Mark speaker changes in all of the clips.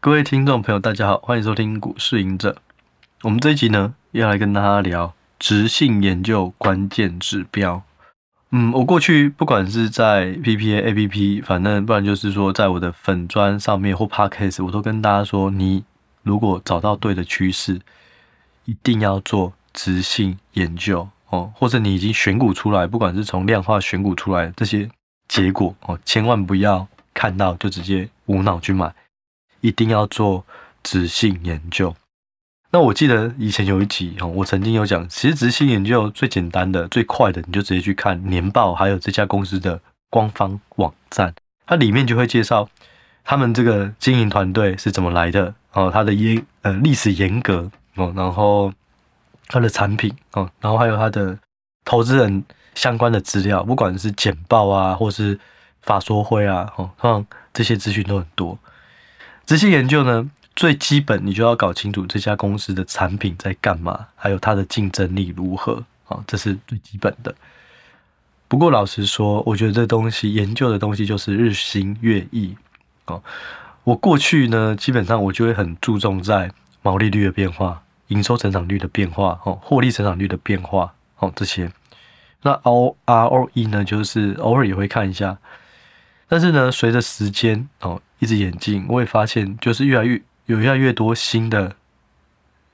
Speaker 1: 各位聽眾朋友，大家好，歡迎收聽《股市隱者》。我們這一集呢，要來跟大家聊質性研究關鍵指標。嗯，我過去不管是在 PPA APP，反正不然就是說，在我的粉專上面或 Podcast 我都跟大家說，你如果找到對的趨勢，一定要做質性研究哦。或者你已經選股出來，不管是從量化選股出來這些結果哦，千萬不要看到就直接無腦去買。一定要做質性研究。那我記得以前有一集哦，我曾經有講，其實質性研究最簡單的、最快的，你就直接去看年報，還有這家公司的官方網站，它裡面就會介紹他們這個經營團隊是怎麼來的哦，它的呃歷史沿革哦，然後它的，的產品哦，然後還有它的投資人相關的資料，不管是簡報啊，或是法說會啊，哦，像這些資訊都很多。質性研究呢，最基本你就要搞清楚這家公司的產品在幹嘛，還有它的競爭力如何啊，這是最基本的。不過老實說，我覺得這東西研究的東西就是日新月異哦，我過去呢，基本上我就會很注重在毛利率的變化、營收成長率的變化、哦，獲利成長率的變化、哦這些。那 O ROE 呢，就是偶爾也會看一下。但是呢，隨着時間哦一直演進，我也發現就是越來越有越來越多新的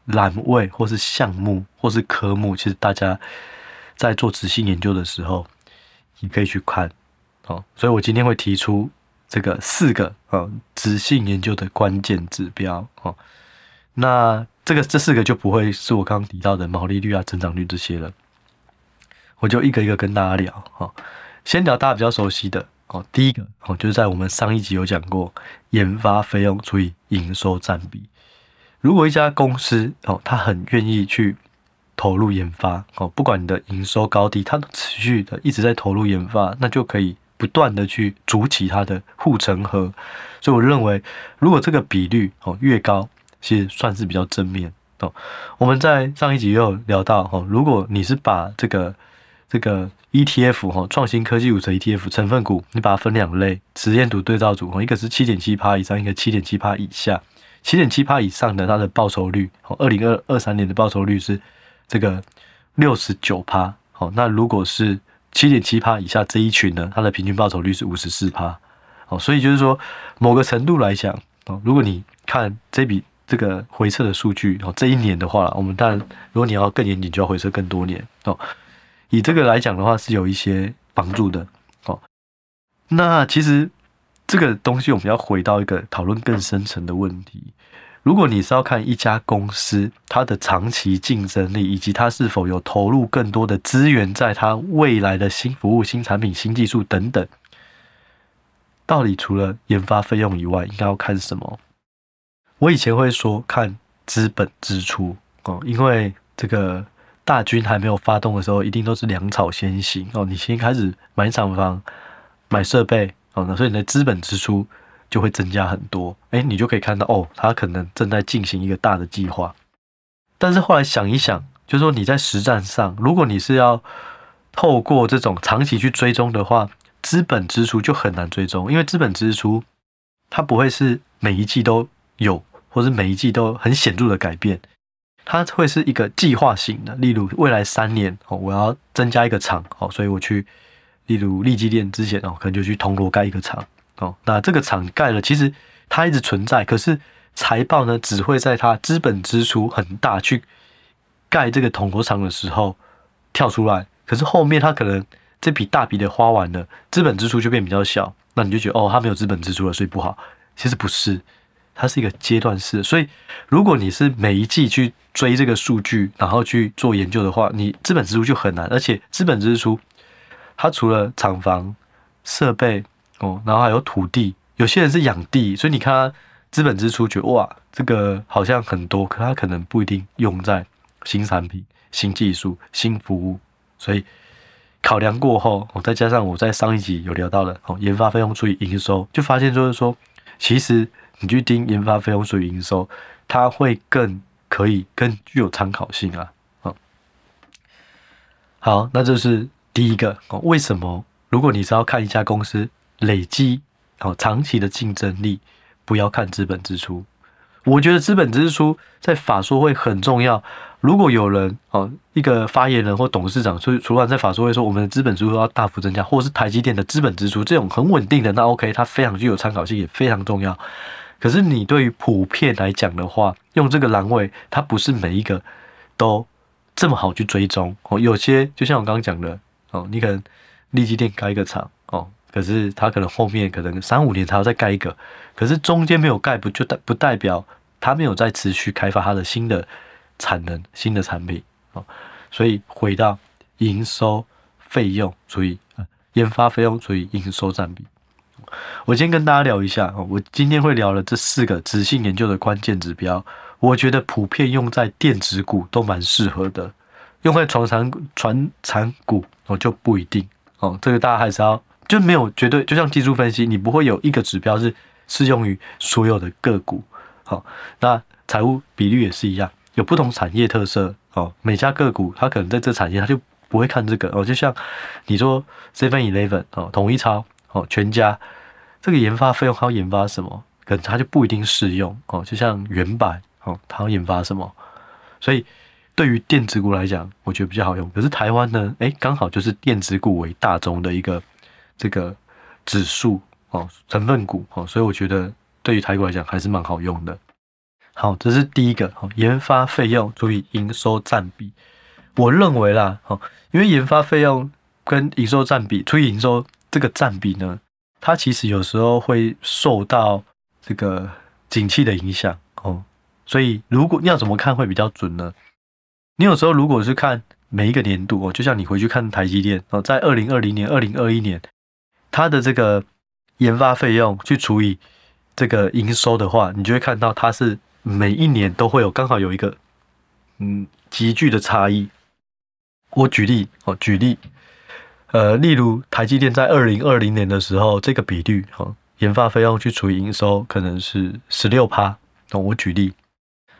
Speaker 1: 欄位或是項目或是科目，其實大家在做質性研究的時候，你可以去看哦。所以我今天會提出這個四個啊質性研究的關鍵指標哦。那這個這四個就不會是我剛剛提到的毛利率啊、增長率這些了。我就一個一個跟大家聊哈，先聊大家比較熟悉的。哦，第一個哦，就是在我們上一集有講過，研發費用除以營收占比。如果一家公司哦，他很願意去投入研發哦，不管你的營收高低，它持續的一直在投入研發，那就可以不斷的去築起它的護城河。所以我認為，如果這個比率哦越高，其實算是比較正面哦。我們在上一集也有聊到哦，如果你是把這個。這個 ETF 創新科技五成 ETF 成分股，你把它分兩類，實驗組對照組，一個是七點七趴以上，一個七點七趴以下。七點七趴以上的它的報酬率，好，二零二二三年的報酬率是這個六十九趴，那如果是七點七趴以下這一群呢，它的平均報酬率是五十四趴，哦，所以就是說，某個程度來講，哦，如果你看這筆這個回測的數據，哦，這一年的話，我們當然，如果你要更嚴謹，就要回測更多年，哦。以這個來講的話，是有一些幫助的。哦。那其實這個東西我們要回到一個討論更深層的問題：如果你是要看一家公司它的長期競爭力，以及它是否有投入更多的資源在它未來的新服務、新產品、新技術等等，到底除了研發費用以外，應該要看什麼？我以前會說看資本支出哦，因為這個。大軍還沒有發動的時候，一定都是糧草先行哦。你先開始買廠房、買設備哦，那所以你的資本支出就會增加很多。哎、欸，你就可以看到哦，他可能正在進行一個大的計劃。但是後來想一想，就是說你在實戰上，如果你是要透過這種長期去追蹤的話，資本支出就很難追蹤，因為資本支出它不會是每一季都有，或是每一季都很顯著的改變。它會是一個計劃性的，例如未來三年哦，我要增加一個廠哦，所以我去，例如力積電之前哦，可能就去銅鑼蓋一個廠哦。那這個廠蓋了，其實它一直存在，可是財報呢只會在它資本支出很大去蓋這個銅鑼廠的時候跳出來。可是後面它可能這筆大筆的花完了，資本支出就變比較小，那你就覺得哦，它沒有資本支出了，所以不好。其實不是，它是一個階段式的。所以如果你是每一季去，追這個數據，然後去做研究的話，你資本支出就很難，而且資本支出，它除了廠房、設備哦，然後還有土地，有些人是養地，所以你看他資本支出，覺得哇，這個好像很多，可他可能不一定用在新產品、新技術、新服務，所以考量過後，我再加上我在上一集有聊到的哦，研發費用除以營收，就發現就是說，其實你去盯研發費用除以營收，它會更。可以更具有參考性啊！好，好，那這是第一個。為什麼？如果你是要看一家公司累積哦長期的競爭力，不要看資本支出。我覺得資本支出在法說會很重要。如果有人哦一個發言人或董事長，所以除了在法說會說我們的資本支出要大幅增加，或者是台積電的資本支出這種很穩定的，那 OK，它非常具有參考性，也非常重要。可是你對於普遍來講的話，用這個欄位，它不是每一個都這麼好去追蹤哦。有些就像我剛剛講的哦，你可能立基店蓋一個廠哦，可是它可能後面可能三五年才要再蓋一個，可是中間沒有蓋，不就代不代表它沒有在持續開發它的新的產能、新的產品哦？所以回到營收費用除以研發費用除以營收佔比。我今天跟大家聊一下哦，我今天會聊了這四個質性研究的關鍵指標，我覺得普遍用在電子股都蠻適合的，用在傳產傳產股哦就不一定哦，這個大家還是要，就沒有絕對，就像技術分析，你不會有一個指標是適用於所有的個股，那財務比率也是一樣，有不同產業特色哦，每家個股它可能在這產業它就不會看這個哦，就像你說 Seven Eleven 哦，統一超哦，全家。這個研發費用還要研發什麼？可能它就不一定適用哦。就像原版哦，它要研發什麼？所以對於電子股來講，我覺得比較好用。可是台灣呢？哎，剛好就是電子股為大宗的一個這個指數哦，成分股哦，所以我覺得對於台灣來講還是蠻好用的。好，這是第一個哦，研發費用除以營收佔比，我認為啦哦，因為研發費用跟營收佔比除以營收這個佔比呢。它其實有時候會受到這個景氣的影響哦，所以如果你要怎麼看會比較準呢？你有時候如果是看每一個年度哦，就像你回去看台積電哦，在二零二零年、二零二一年，它的這個研發費用去除以這個營收的話，你就會看到它是每一年都會有剛好有一個嗯急劇的差異。我舉例哦，舉例。呃，例如台積電在二零二零年的時候，這個比率哈，研發費用去除以營收可能是十六趴。那我舉例，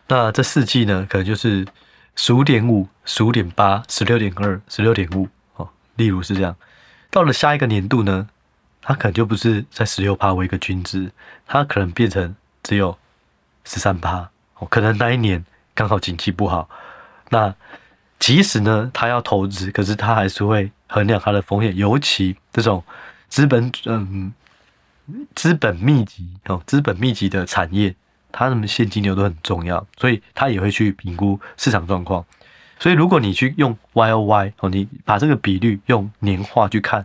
Speaker 1: 那這四季呢，可能就是十五點五、十五點八、十六點二、十六點五。例如是這樣。到了下一個年度呢，它可能就不是在十六趴為一個均值，它可能變成只有十三趴。可能那一年剛好景氣不好，那即使呢，它要投資，可是它還是會。衡量它的風險，尤其這種資本嗯，資本密集哦，資本密集的產業，它們現金流都很重要，所以它也會去評估市場狀況。所以如果你去用 YOY 哦，你把這個比率用年化去看，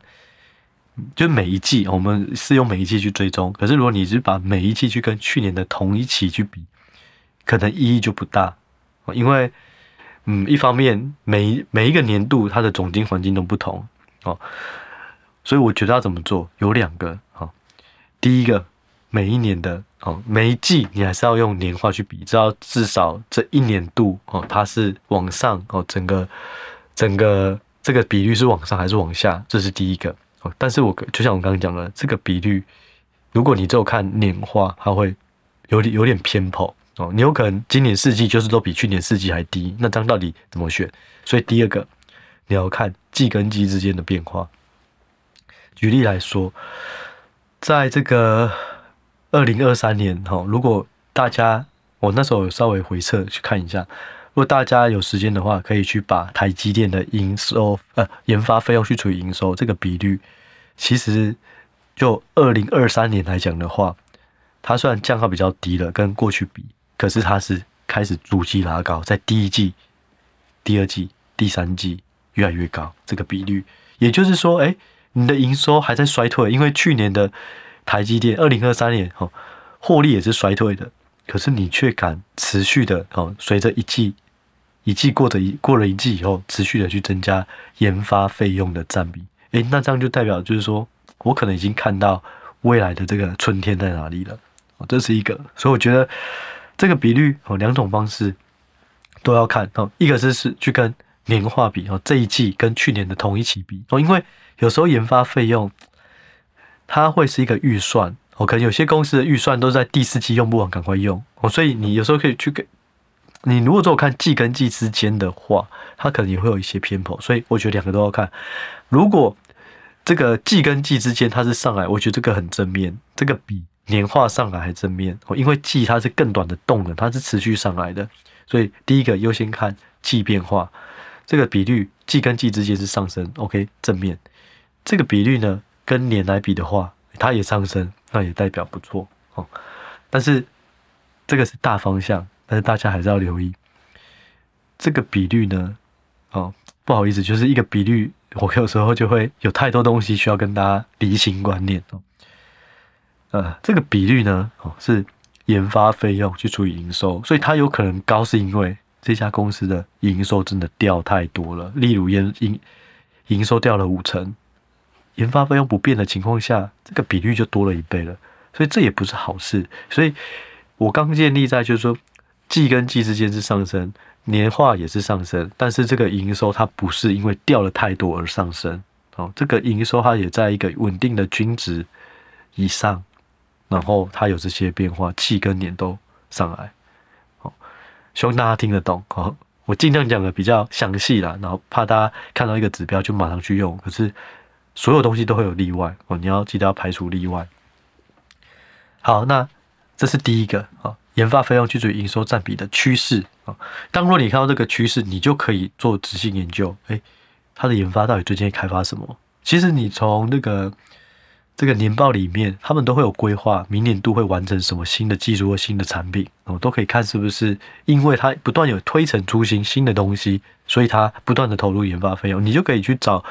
Speaker 1: 就每一季我們是用每一季去追蹤，可是如果你是把每一季去跟去年的同一期去比，可能意義就不大，因為。嗯，一方面每每一個年度它的總經環境都不同哦，所以我覺得要怎麼做有兩個啊、哦。第一個，每一年的哦，每一季你還是要用年化去比，知道至少這一年度哦，它是往上哦，整個整個這個比率是往上還是往下，這是第一個哦。但是我就像我剛剛講的，這個比率如果你只有看年化，它會有點有點偏頗。哦，你有可能今年四季就是都比去年四季還低，那這樣到底怎麼選？所以第二個，你要看季跟季之間的變化。舉例來說，在這個二零二三年哈，如果大家我那時候有稍微回測去看一下，如果大家有時間的話，可以去把台積電的營收呃研發費用去除以營收這個比率，其實就二零二三年來講的話，它雖然降到比較低了，跟過去比。可是它是開始逐季拉高，在第一季、第二季、第三季越來越高，這個比率，也就是說，哎，你的營收還在衰退，因為去年的台積電二零二三年哦，獲利也是衰退的，可是你卻敢持續的哦，隨着一季一季過着一過了一季以後，持續的去增加研發費用的佔比，哎，那這樣就代表就是說，我可能已經看到未來的這個春天在哪裡了，這是一個，所以我覺得。這個比率哦，兩種方式都要看哦。一個是是去跟年化比哦，這一季跟去年的同一期比哦，因為有時候研發費用它會是一個預算哦，可能有些公司的預算都在第四季用不完，趕快用哦。所以你有時候可以去給，你如果說我看季跟季之間的話，它可能也會有一些偏頗。所以我覺得兩個都要看。如果這個季跟季之間它是上來，我覺得這個很正面，這個比。年化上來還正面哦，因為季它是更短的動能，它是持續上來的，所以第一個優先看季變化，這個比率季跟季之間是上升，OK 正面。這個比率呢，跟年來比的話，它也上升，那也代表不錯哦。但是這個是大方向，但是大家還是要留意這個比率呢。哦，不好意思，就是一個比率，我有時候就會有太多東西需要跟大家釐清觀念哦。呃，這個比率呢，哦，是研發費用去除以營收，所以它有可能高，是因為這家公司的營收真的掉太多了。例如，營營收掉了五成，研發費用不變的情況下，這個比率就多了一倍了。所以這也不是好事。所以我剛建立在就是說，季跟季之間是上升，年化也是上升，但是這個營收它不是因為掉了太多而上升，哦，這個營收它也在一個穩定的均值以上。然後它有這些變化，氣跟年都上來，好、哦，希望大家聽得懂，好、哦，我盡量講的比較詳細啦，然後怕大家看到一個指標就馬上去用，可是所有東西都會有例外，哦，你要記得要排除例外。好，那這是第一個啊、哦，研發費用去做營收佔比的趨勢啊、哦，當若你看到這個趨勢，你就可以做質性研究誒，它的研發到底最近開發什麼？其實你從那個。這個年報裡面，他們都會有規劃，明年度會完成什麼新的技術或新的產品，哦，都可以看是不是，因為它不斷有推陳出新新的東西，所以它不斷的投入研發費用，你就可以去找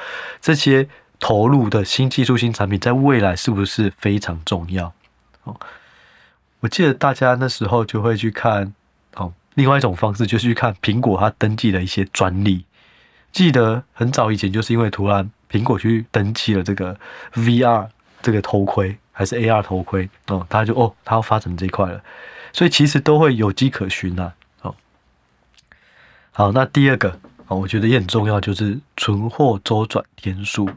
Speaker 1: 這些投入的新技術、新產品，在未來是不是非常重要？哦，我記得大家那時候就會去看，哦，另外一種方式就是去看蘋果它登記的一些專利，記得很早以前就是因為突然蘋果去登記了這個 VR。這個頭盔還是 AR 頭盔哦，他就哦，他要發展這一塊了，所以其實都會有跡可循吶，啊。哦，好，那第二個、哦、我覺得也很重要，就是存貨周轉天數。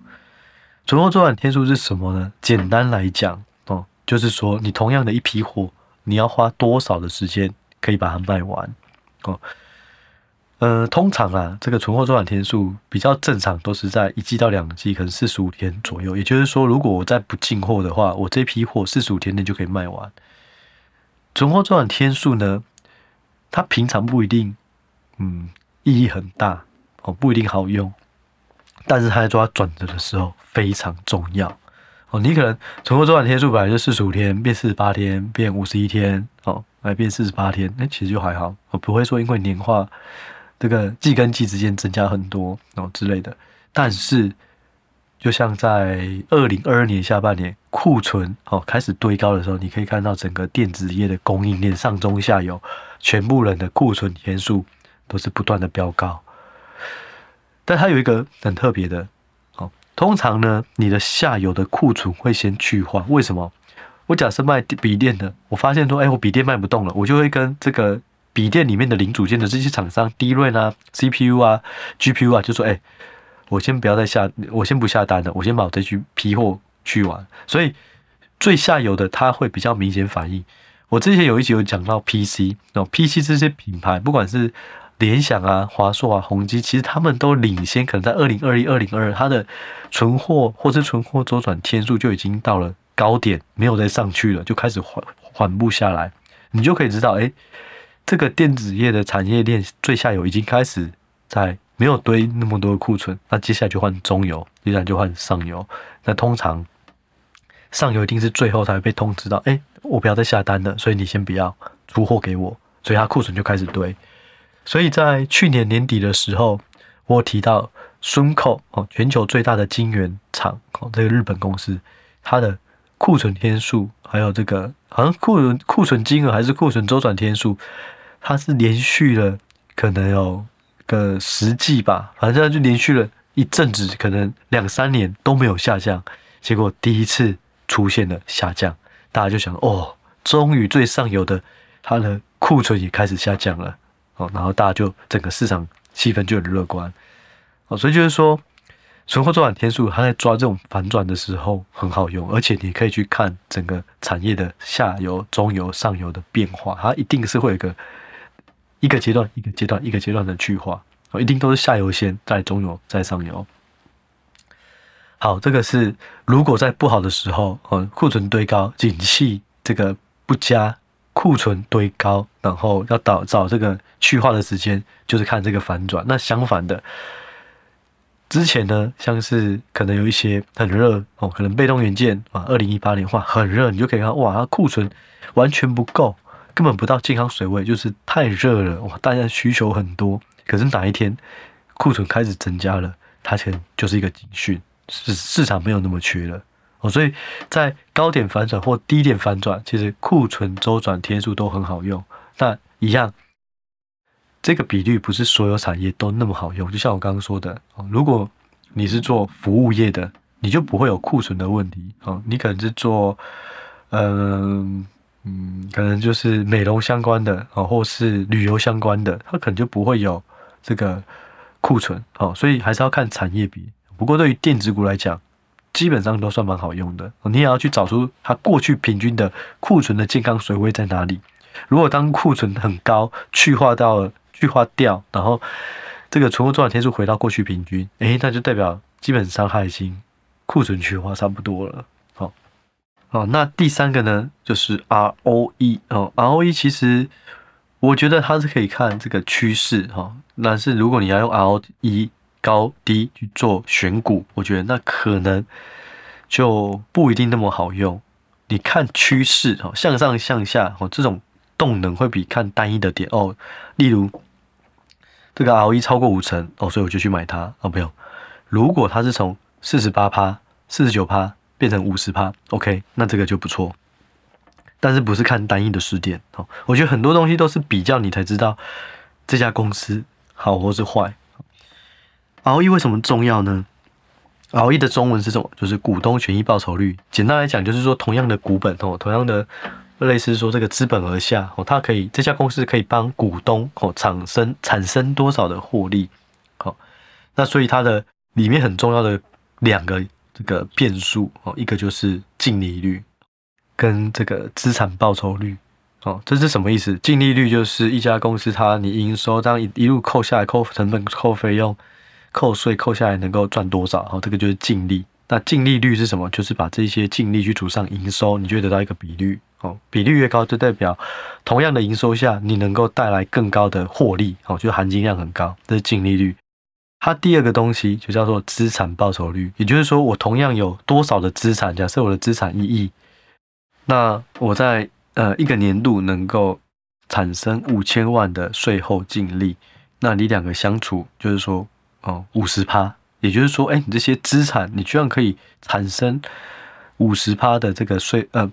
Speaker 1: 存貨周轉天數是什麼呢？簡單來講哦，就是說你同樣的一批貨，你要花多少的時間可以把它賣完哦。呃，通常啊，這個存貨周轉天數比較正常，都是在一季到兩季，可能四十五天左右。也就是說，如果我再不進貨的話，我這批貨四十五天內就可以賣完。存貨周轉天數呢，它平常不一定，嗯，意義很大哦，不一定好用。但是它抓轉折的時候非常重要哦。你可能存貨周轉天數本來就四十五天，變四十八天，變五十一天，哦，來變四十八天，那、欸、其實就還好，我不會說因為年化。這個季跟季之間增加很多哦之類的，但是就像在二零二二年下半年庫存哦開始堆高的時候，你可以看到整個電子業的供應鏈上中下游全部人的庫存天數都是不斷的飆高，但它有一個很特別的哦，通常呢，你的下游的庫存會先去化，為什麼？我假設賣筆電的，我發現說哎，我筆電賣不動了，我就會跟這個。筆電裡面的零組件的這些廠商，DRAM 啊、CPU 啊、GPU 啊，就說：“哎、欸，我先不要再下，我先不下單了，我先把我這批貨去完。”所以最下游的它會比較明顯反應。我之前有一集有講到 PC，那 PC 這些品牌，不管是聯想啊、華碩啊、宏碁，其實他們都領先，可能在二零二一、二零二二，它的存貨或者存貨周轉天數就已經到了高點，沒有再上去了，就開始緩緩步下來。你就可以知道，哎、欸。這個電子業的產業鏈最下游已經開始在沒有堆那麼多的庫存，那接下來就換中游，依然就換上游。那通常上游一定是最後才會被通知到，哎，我不要再下單了，所以你先不要出貨給我，所以它庫存就開始堆。所以在去年年底的時候，我提到 Sumco 哦，全球最大的晶圓廠哦，這個日本公司，它的庫存天數。還有這個，好像庫存庫存金額還是庫存周轉天數，它是連續了可能有個十季吧，反正就連續了一陣子，可能兩三年都沒有下降，結果第一次出現了下降，大家就想哦，終於最上游的它的庫存也開始下降了，哦，然後大家就整個市場氣氛就很樂觀，哦，所以就是說。存貨週轉天數，它在抓這種反轉的時候很好用，而且你可以去看整個產業的下游、中游、上游的變化，它一定是會有個一個階段、一個階段、一個階段的去化，一定都是下游先，再中游，再上游。好，這個是如果在不好的時候，庫存堆高，景氣這個不佳，庫存堆高，然後要找找這個去化的時間，就是看這個反轉。那相反的。之前呢，像是可能有一些很熱哦，可能被動元件啊，二零一八年化很熱，你就可以看哇，它庫存完全不夠，根本不到健康水位，就是太熱了哇，大家需求很多。可是哪一天庫存開始增加了，它可能就是一個警訊，市市場沒有那麼缺了哦。所以在高點反轉或低點反轉，其實庫存周轉天數都很好用，但一樣。這個比率不是所有產業都那麼好用，就像我剛剛說的，如果你是做服務業的，你就不會有庫存的問題，你可能是做，嗯、呃、嗯，可能就是美容相關的，或是旅遊相關的，它可能就不會有這個庫存，所以還是要看產業比。不過對於電子股來講，基本上都算蠻好用的。你也要去找出它過去平均的庫存的健康水位在哪裡。如果當庫存很高，去化到去化掉，然後這個存貨周轉天數回到過去平均，誒，那就代表基本上它已經庫存去化差不多了。好，好，那第三個呢，就是 ROE 哦，ROE 其實我覺得它是可以看這個趨勢哈、哦，但是如果你要用 ROE 高低去做選股，我覺得那可能就不一定那麼好用。你看趨勢哈、哦，向上向下哦，這種動能會比看單一的點哦，例如。這個 ROE 超過五成哦，所以我就去買它哦。不用，如果它是從四十八趴、四十九趴變成五十趴，OK，那這個就不錯。但是不是看單一的時點哦？我覺得很多東西都是比較你才知道這家公司好或是壞。ROE 為什麼重要呢？ROE 的中文是什麼，就是股東權益報酬率。簡單來講，就是說同樣的股本哦，同樣的。類似說這個資本額下，哦，它可以這家公司可以幫股東哦產生產生多少的獲利，好，那所以它的裡面很重要的兩個這個變數哦，一個就是淨利率跟這個資產報酬率，哦，這是什麼意思？淨利率就是一家公司它你營收這樣一一路扣下來，扣成本、扣費用、扣稅扣下來能夠賺多少，這個就是淨利。那淨利率是什麼？就是把這些淨利去除上營收，你就得到一個比率。哦，比率越高，就代表同樣的營收下，你能夠帶來更高的獲利。哦，就含金量很高。這是淨利率。它第二個東西就叫做資產報酬率，也就是說，我同樣有多少的資產？假設我的資產一億，那我在呃一個年度能夠產生五千萬的稅後淨利，那你兩個相除就是說，哦，五十趴。也就是說，哎、欸，你這些資產，你居然可以產生五十趴的這個稅呃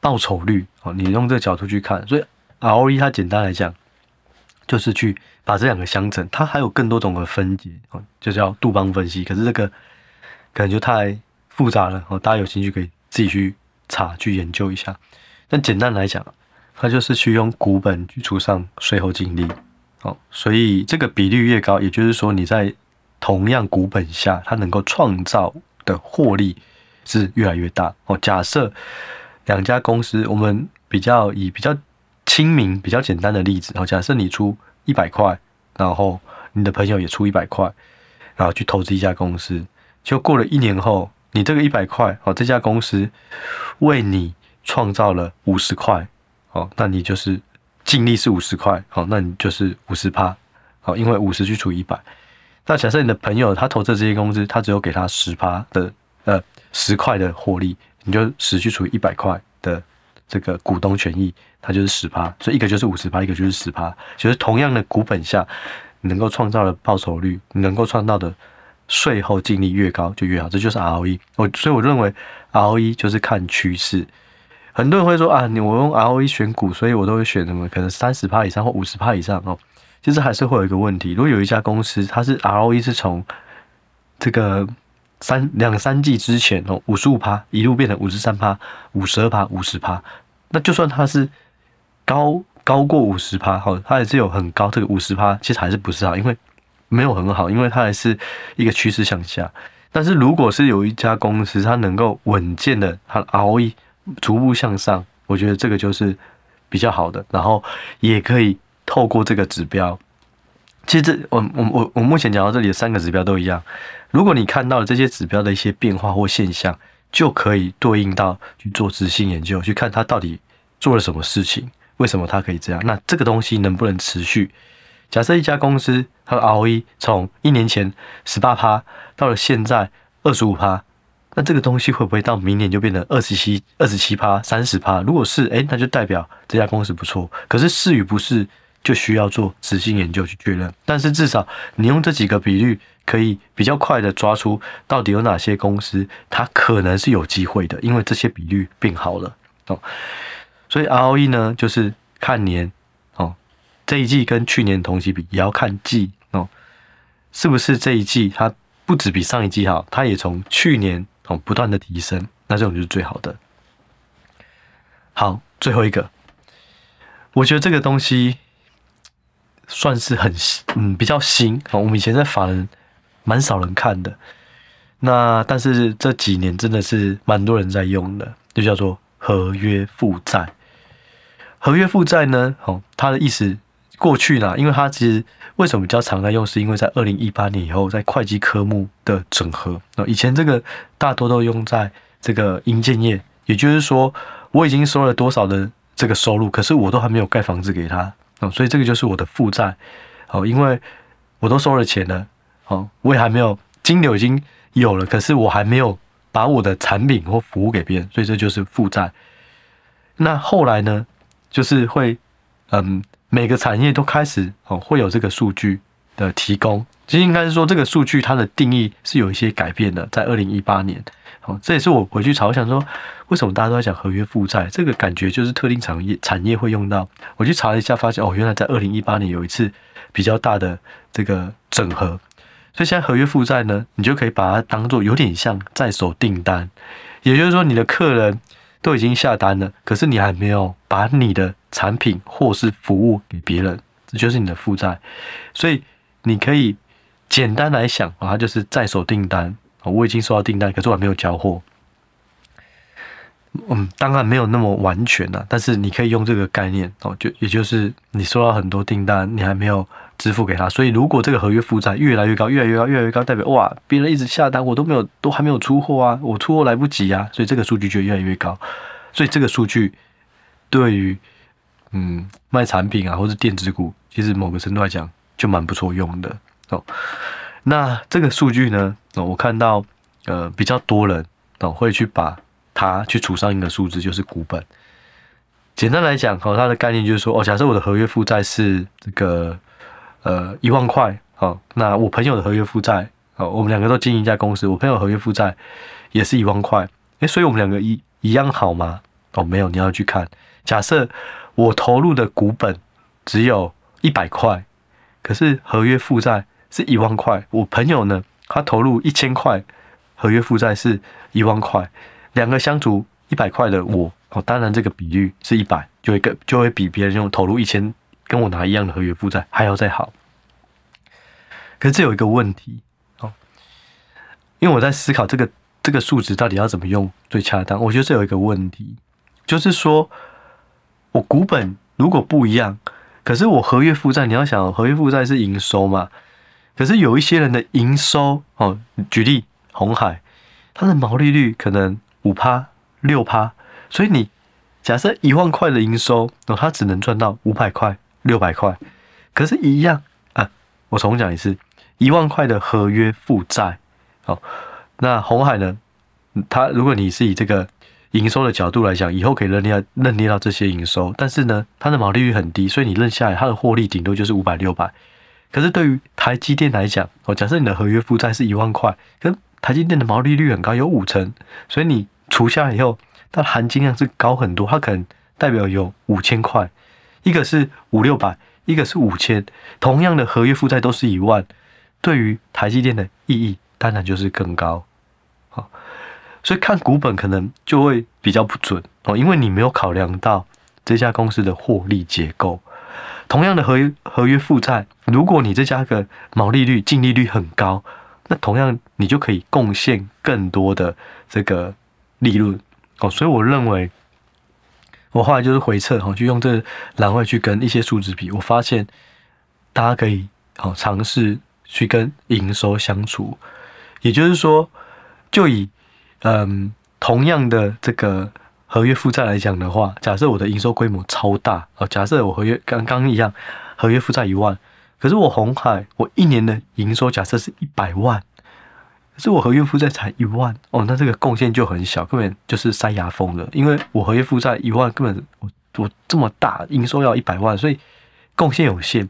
Speaker 1: 報酬率哦。你用這個角度去看，所以 ROE 它簡單來講就是去把這兩個相乘。它還有更多種的分解哦，就叫杜邦分析。可是這個可能就太複雜了哦，大家有興趣可以自己去查去研究一下。但簡單來講，它就是去用股本去除上稅後淨利哦。所以這個比率越高，也就是說你在同樣股本下，它能夠創造的獲利是越來越大。哦，假設兩家公司，我們比較以比較親民、比較簡單的例子。哦，假設你出一百塊，然後你的朋友也出一百塊，然後去投資一家公司。就過了一年後，你這個一百塊，哦，這家公司為你創造了五十塊，哦，那你就是淨利是五十塊，哦，那你就是五十趴，哦，因為五十去除一百。那假設你的朋友他投資這些公司，他只有給他十趴的呃十塊的獲利，你就十去除以一百塊的這個股東權益，它就是十趴，所以一個就是五十趴，一個就是十趴，就是同樣的股本下你能夠創造的報酬率，能夠創造的稅後淨利越高就越好，這就是 ROE。我所以我認為 ROE 就是看趨勢。很多人會說啊，你我用 ROE 選股，所以我都會選什麼可能三十趴以上或五十趴以上哦。其實還是會有一個問題，如果有一家公司，它是 ROE 是從這個三兩三季之前哦，五十五趴一路變成五十三趴、五十二趴、五十趴，那就算它是高高過五十趴，好，它也是有很高這個五十趴，其實還是不是好，因為沒有很好，因為它還是一個趨勢向下。但是如果是有一家公司，它能夠穩健的它的 ROE 逐步向上，我覺得這個就是比較好的，然後也可以。透過這個指標，其實這我我我我目前講到這裡的三個指標都一樣。如果你看到了這些指標的一些變化或現象，就可以對應到去做質性研究，去看它到底做了什麼事情，為什麼它可以這樣。那這個東西能不能持續？假設一家公司它的 ROE 從一年前十八趴到了現在二十五趴，那這個東西會不會到明年就變成二十七、二十七趴、三十趴？如果是哎、欸，那就代表這家公司不錯。可是是與不是？就需要做質性研究去確認，但是至少你用這幾個比率，可以比較快的抓出到底有哪些公司，它可能是有機會的，因為這些比率變好了哦。所以 ROE 呢，就是看年哦，這一季跟去年同期比，也要看季哦，是不是這一季它不止比上一季好，它也從去年哦不斷的提升，那這種就是最好的。好，最後一個，我覺得這個東西。算是很新，嗯，比較新啊。我們以前在法人蠻少人看的，那但是這幾年真的是蠻多人在用的，就叫做合約負債。合約負債呢，好，它的意思過去呢，因為它其實為什麼比較常在用，是因為在二零一八年以後，在會計科目的整合。那以前這個大多都用在這個營建業，也就是說我已經收了多少的這個收入，可是我都還沒有蓋房子給他。哦，所以這個就是我的負債，哦，因為我都收了錢了，哦，我也還沒有金流，已經有了，可是我還沒有把我的產品或服務給別人，所以這就是負債。那後來呢，就是會，嗯，每個產業都開始哦，會有這個數據的提供。其實應該是說，這個數據它的定義是有一些改變的，在二零一八年，哦，這也是我回去查，我想說，為什麼大家都在講合約負債？這個感覺就是特定產業產業會用到。我去查了一下，發現哦，原來在二零一八年有一次比較大的這個整合。所以現在合約負債呢，你就可以把它當做有點像在手訂單，也就是說，你的客人都已經下單了，可是你還沒有把你的產品或是服務給別人，這就是你的負債。所以你可以。簡單來講，啊，他就是在手訂單啊，我已經收到訂單，可是我還沒有交貨。嗯，當然沒有那麼完全吶、啊，但是你可以用這個概念哦，就也就是你收到很多訂單，你還沒有支付給他，所以如果這個合約負債越來越高，越來越高，越來越高，代表哇，別人一直下單，我都沒有，都還沒有出貨啊，我出貨來不及啊，所以這個數據就越來越高。所以這個數據對於嗯賣產品啊，或是電子股，其實某個程度來講就蠻不錯用的。哦，那這個數據呢？哦，我看到，呃，比較多人哦會去把它去除上一個數字，就是股本。簡單來講，哦，它的概念就是說，哦，假設我的合約負債是這個呃一萬塊，好、哦，那我朋友的合約負債，哦，我們兩個都經營一家公司，我朋友合約負債也是一萬塊，哎、欸，所以我們兩個一一樣好嗎？哦，沒有，你要去看，假設我投入的股本只有一百塊，可是合約負債。是一萬塊，我朋友呢，他投入一千塊，合約負債是一萬塊，兩個相除一百塊的我，哦，當然這個比率是一百，就會就會比別人用投入一千跟我拿一樣的合約負債還要再好。可是這有一個問題哦，因為我在思考這個這個數值到底要怎麼用最恰當，我覺得這有一個問題，就是說我股本如果不一樣，可是我合約負債，你要想合約負債是營收嘛。可是有一些人的營收哦，舉例鴻海，它的毛利率可能五趴六趴，所以你假設一萬塊的營收哦，他只能賺到五百塊六百塊。可是，一樣啊，我重講一次，一萬塊的合約負債，哦。那鴻海呢？他如果你是以這個營收的角度來講，以後可以認列認列到這些營收，但是呢，它的毛利率很低，所以你認下來，它的獲利頂多就是五百六百。可是對於台積電來講，哦，假設你的合約負債是一萬塊，跟台積電的毛利率很高，有五成，所以你除下來以後，它的含金量是高很多，它可能代表有五千塊，一個是五六百，600, 一個是五千，同樣的合約負債都是一萬，對於台積電的意義當然就是更高，好，所以看股本可能就會比較不準哦，因為你沒有考量到這家公司的獲利結構。同樣的合約合約負債，如果你再加個毛利率、淨利率很高，那同樣你就可以貢獻更多的這個利潤哦。所以我認為，我後來就是回測哦，就、哦、用這個欄位去跟一些數字比，我發現大家可以哦嘗試去跟營收相除，也就是說，就以嗯同樣的這個。合約負債來講的話，假設我的營收規模超大哦，假設我合約剛剛一樣，合約負債一萬，可是我鴻海我一年的營收假設是一百萬，可是我合約負債才一萬哦，那這個貢獻就很小，根本就是塞牙縫的，因為我合約負債一萬，根本我我這麼大營收要一百萬，所以貢獻有限。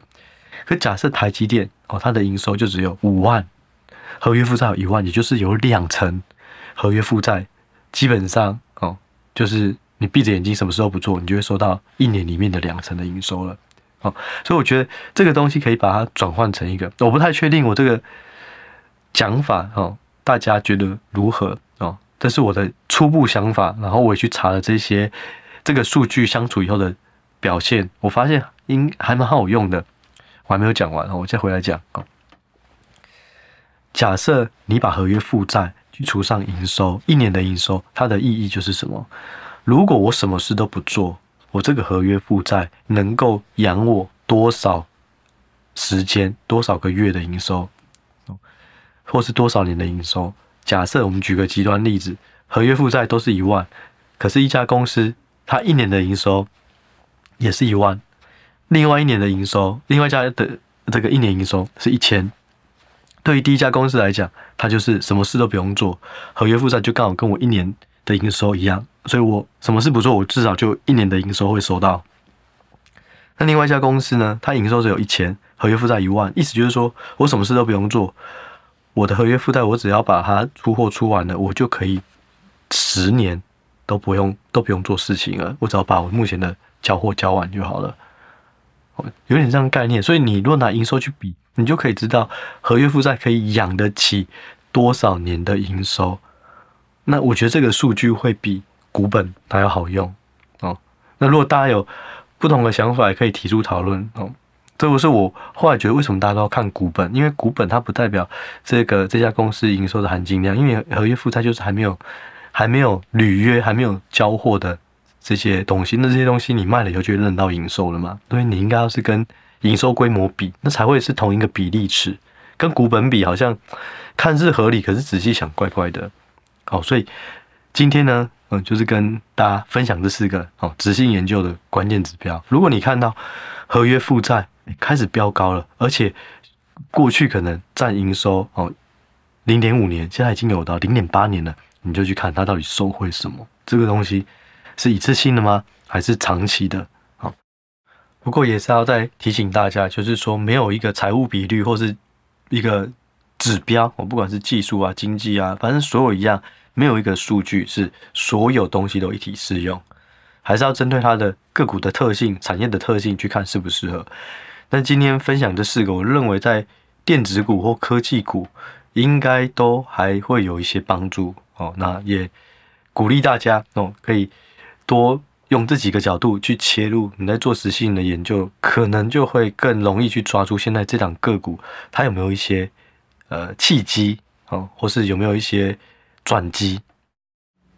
Speaker 1: 可假設台積電哦，它的營收就只有五萬，合約負債有一萬，也就是有兩成合約負債，基本上。就是你閉着眼睛，什麼時候不做，你就會收到一年裡面的兩成的營收了，哦，所以我覺得這個東西可以把它轉換成一個，我不太確定我這個講法哦，大家覺得如何哦？這是我的初步想法，然後我也去查了這些這個數據相處以後的表現，我發現應還蠻好用的，我還沒有講完哦，我再回來講哦。假設你把合約負債。去除上營收一年的營收，它的意義就是什麼？如果我什麼事都不做，我這個合約負債能夠養我多少時間？多少個月的營收，或是多少年的營收？假設我們舉個極端例子，合約負債都是一萬，可是，一家公司它一年的營收也是一萬，另外一年的營收，另外一家的這個一年營收是一千。對於第一家公司來講，它就是什麼事都不用做，合約負債就剛好跟我一年的營收一樣，所以我什麼事不做，我至少就一年的營收會收到。那另外一家公司呢，它營收只有一千，合約負債一萬，意思就是說我什麼事都不用做，我的合約負債我只要把它出貨出完了，我就可以十年都不用都不用做事情了，我只要把我目前的交貨交完就好了。有點這樣概念，所以你若拿營收去比，你就可以知道合約負債可以養得起多少年的營收。那我覺得這個數據會比股本還要好用哦。那如果大家有不同的想法，也可以提出討論哦。這不是我後來覺得為什麼大家都要看股本，因為股本它不代表這個這家公司營收的含金量，因為合約負債就是還沒有還沒有履約、還沒有交貨的。這些東西，那這些東西你賣了以後，就會認到營收了嘛？所以你應該要是跟營收規模比，那才會是同一個比例尺。跟股本比好像看似合理，可是仔細想，怪怪的。好、哦，所以今天呢，嗯、呃，就是跟大家分享這四個好、哦，質性研究的關鍵指標。如果你看到合約負債開始飆高了，而且過去可能占營收哦零點五年，現在已經有到零點八年了，你就去看它到底收回什麼這個東西。是一次性的嗎？還是長期的？好，不過也是要再提醒大家，就是說，沒有一個財務比率或是一個指標，我不管是技術啊、經濟啊，反正所有一樣，沒有一個數據是所有東西都一體適用，還是要針對它的個股的特性、產業的特性去看適不適合。但今天分享這四個，我認為在電子股或科技股應該都還會有一些幫助哦。那也鼓勵大家哦，可以。多用這幾個角度去切入，你在做質性的研究，可能就會更容易去抓住現在這檔個股，它有沒有一些呃契機、哦、或是有沒有一些轉機。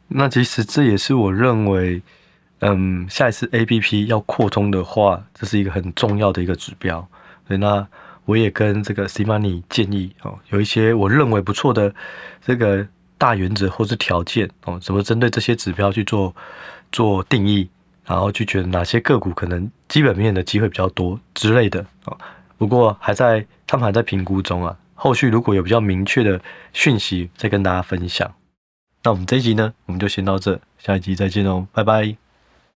Speaker 1: 那其實這也是我認為，嗯，下一次 APP 要擴充的話，這是一個很重要的一個指標。所以那我也跟這個 CMoney 建議哦，有一些我認為不錯的這個大原則或是條件哦，怎麼針對這些指標去做。做定義，然後去覺得哪些個股可能基本面的機會比較多之類的啊。不過還在，他們還在評估中啊。後續如果有比較明確的訊息，再跟大家分享。那我們這一集呢，我們就先到這，下一集再見哦，拜拜。